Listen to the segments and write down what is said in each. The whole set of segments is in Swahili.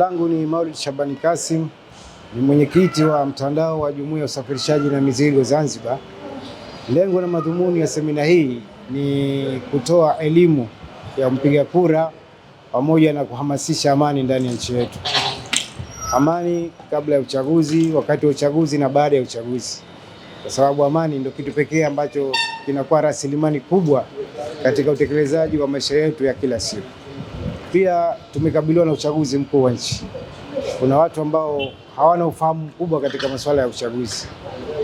langu ni Maulid Shabani Kasim, ni mwenyekiti wa mtandao wa jumuiya ya usafirishaji na mizigo Zanzibar. Lengo na madhumuni ya semina hii ni kutoa elimu ya mpiga kura pamoja na kuhamasisha amani ndani ya nchi yetu, amani kabla ya uchaguzi, wakati wa uchaguzi na baada ya uchaguzi, kwa sababu amani ndio kitu pekee ambacho kinakuwa rasilimali kubwa katika utekelezaji wa maisha yetu ya kila siku. Pia tumekabiliwa na uchaguzi mkuu wa nchi. Kuna watu ambao hawana ufahamu mkubwa katika masuala ya uchaguzi.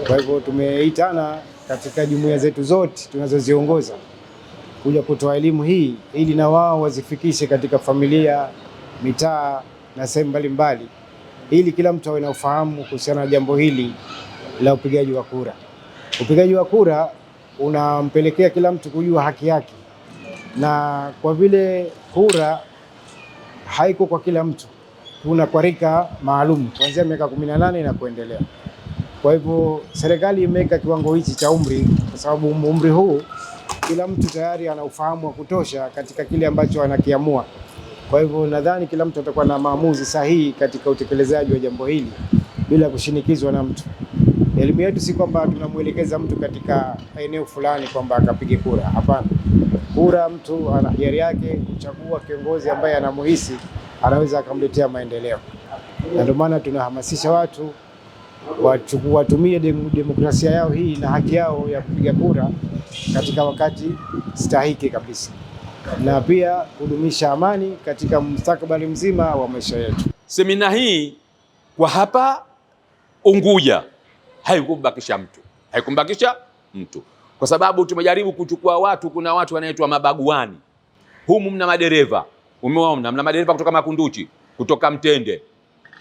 Kwa hivyo tumeitana katika jumuiya zetu zote tunazoziongoza kuja kutoa elimu hii ili na wao wazifikishe katika familia, mitaa na sehemu mbalimbali, ili kila mtu awe na ufahamu kuhusiana na jambo hili la upigaji wa kura. Upigaji wa kura unampelekea kila mtu kujua haki yake, na kwa vile kura haiko kwa kila mtu, kuna kwa rika maalum kuanzia miaka kumi na nane na kuendelea. Kwa hivyo serikali imeweka kiwango hichi cha umri, kwa sababu um-, umri huu kila mtu tayari ana ufahamu wa kutosha katika kile ambacho anakiamua. Kwa hivyo nadhani kila mtu atakuwa na maamuzi sahihi katika utekelezaji wa jambo hili bila kushinikizwa na mtu. Elimu yetu si kwamba tunamwelekeza mtu katika eneo fulani kwamba akapige kura, hapana. Kura mtu ana hiari yake kuchagua kiongozi ambaye anamuhisi anaweza akamletea maendeleo, na ndio maana tunahamasisha watu watumie demokrasia yao hii na haki yao ya kupiga kura katika wakati stahiki kabisa, na pia kudumisha amani katika mustakabali mzima wa maisha yetu. Semina hii kwa hapa Unguja haikumbakisha mtu, haikumbakisha mtu, kwa sababu tumejaribu kuchukua watu. Kuna watu wanaitwa mabaguani, humu mna madereva, umeona mna madereva kutoka Makunduchi, kutoka Mtende,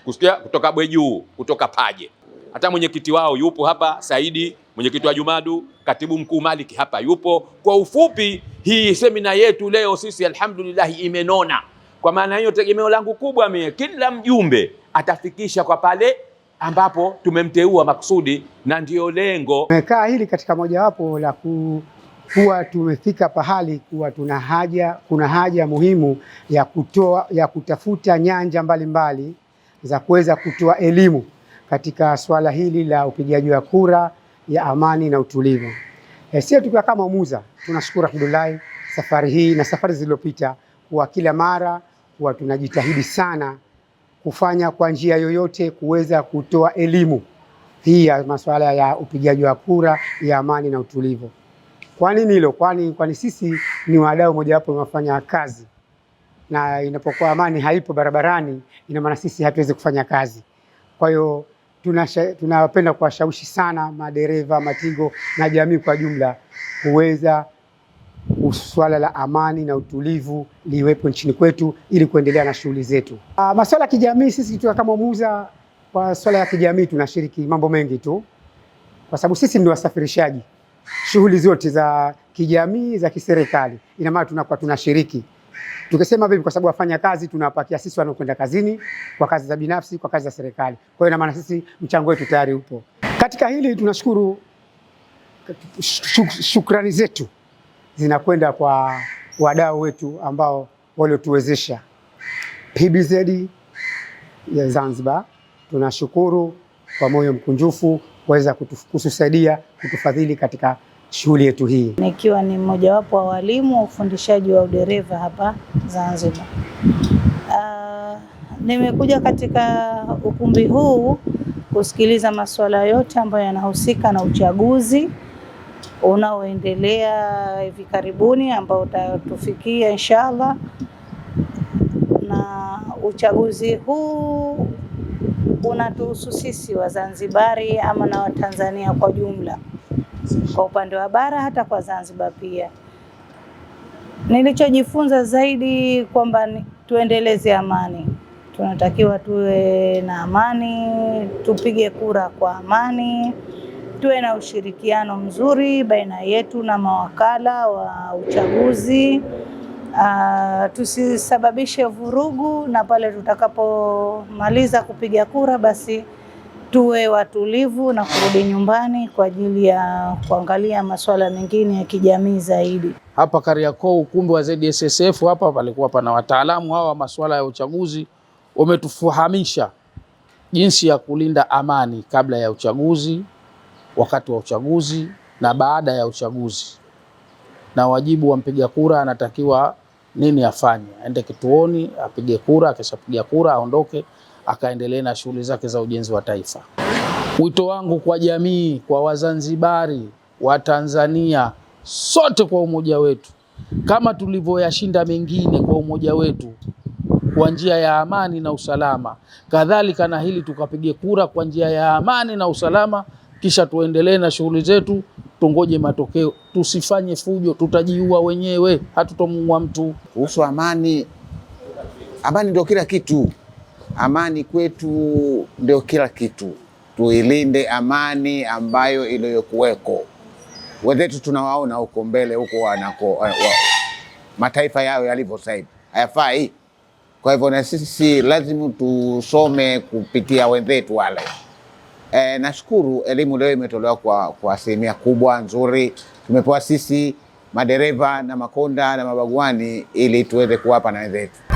kusikia, kutoka Bwejuu, kutoka Paje. Hata mwenyekiti wao yupo hapa Saidi, mwenyekiti wa Jumadu, katibu mkuu Maliki hapa yupo. Kwa ufupi, hii semina yetu leo sisi alhamdulillah imenona. Kwa maana hiyo, tegemeo langu kubwa mie, kila mjumbe atafikisha kwa pale ambapo tumemteua makusudi na ndio lengo. Tumekaa hili katika mojawapo la kuwa tumefika pahali kuwa tuna haja, kuna haja muhimu ya kutoa, ya kutafuta nyanja mbalimbali mbali za kuweza kutoa elimu katika swala hili la upigaji wa kura ya amani na utulivu. E, sio tukiwa kama Muza, tunashukuru Abdullahi safari hii na safari zilizopita, kuwa kila mara kuwa tunajitahidi sana kufanya kwa njia yoyote kuweza kutoa elimu hii ya masuala ya upigaji wa kura ya amani na utulivu. Kwa nini hilo? Kwani kwani sisi ni wadau mojawapo inafanya kazi, na inapokuwa amani haipo barabarani, ina maana sisi hatuwezi kufanya kazi. Kwa hiyo tunapenda kuwashawishi sana madereva, matigo na jamii kwa jumla kuweza swala la amani na utulivu liwepo nchini kwetu ili kuendelea na shughuli zetu. Ah, Masuala ya kijamii, sisi kitu kama muuza kwa swala ya kijamii tunashiriki mambo mengi tu, kwa sababu sisi ni wasafirishaji shughuli zote za kijamii za kiserikali, ina maana tunakuwa tunashiriki tukisema vipi? Kwa sababu wafanya kazi tunawapakia sisi wanaokwenda kazini, kwa kazi za binafsi, kwa kazi za serikali. Kwa hiyo ina maana sisi mchango wetu tayari upo katika hili. Tunashukuru, shukrani zetu zinakwenda kwa wadau wetu ambao waliotuwezesha PBZ ya Zanzibar. Tunashukuru kwa moyo mkunjufu kuweza kutusaidia kutufadhili katika shughuli yetu hii, nikiwa ni mmojawapo wa walimu wa ufundishaji wa udereva hapa Zanzibar. Uh, nimekuja katika ukumbi huu kusikiliza masuala yote ambayo yanahusika na uchaguzi unaoendelea hivi karibuni ambao utatufikia inshallah. Na uchaguzi huu unatuhusu sisi Wazanzibari ama na Watanzania kwa jumla, kwa upande wa bara, hata kwa Zanzibar pia. Nilichojifunza zaidi kwamba tuendeleze amani, tunatakiwa tuwe na amani, tupige kura kwa amani tuwe na ushirikiano mzuri baina yetu na mawakala wa uchaguzi. Uh, tusisababishe vurugu na pale tutakapomaliza kupiga kura basi tuwe watulivu na kurudi nyumbani kwa ajili ya kuangalia masuala mengine ya kijamii zaidi. Hapa Kariakoo, ukumbi wa ZSSF hapa palikuwa pana wataalamu hawa wa masuala ya uchaguzi, wametufahamisha jinsi ya kulinda amani kabla ya uchaguzi, wakati wa uchaguzi na baada ya uchaguzi, na wajibu wa mpiga kura anatakiwa nini afanye? Aende kituoni apige kura, akishapiga kura aondoke, akaendelee na shughuli zake za ujenzi wa taifa. Wito wangu kwa jamii, kwa Wazanzibari wa Tanzania, sote kwa umoja wetu, kama tulivyoyashinda mengine kwa umoja wetu, kwa njia ya amani na usalama, kadhalika na hili tukapige kura kwa njia ya amani na usalama kisha tuendelee na shughuli zetu, tungoje matokeo, tusifanye fujo, tutajiua wenyewe, hatutomuua mtu. Kuhusu amani, amani ndio kila kitu, amani kwetu ndio kila kitu. Tuilinde amani ambayo iliyokuweko. Wenzetu tunawaona huko mbele huko wanako eh, wa, mataifa yao yalivyo sasa hivi hayafai. Kwa hivyo na sisi lazima tusome kupitia wenzetu wale. E, nashukuru elimu leo imetolewa kwa, kwa asilimia kubwa nzuri. Tumepewa sisi madereva na makonda na mabaguani ili tuweze kuwapa na wenzetu.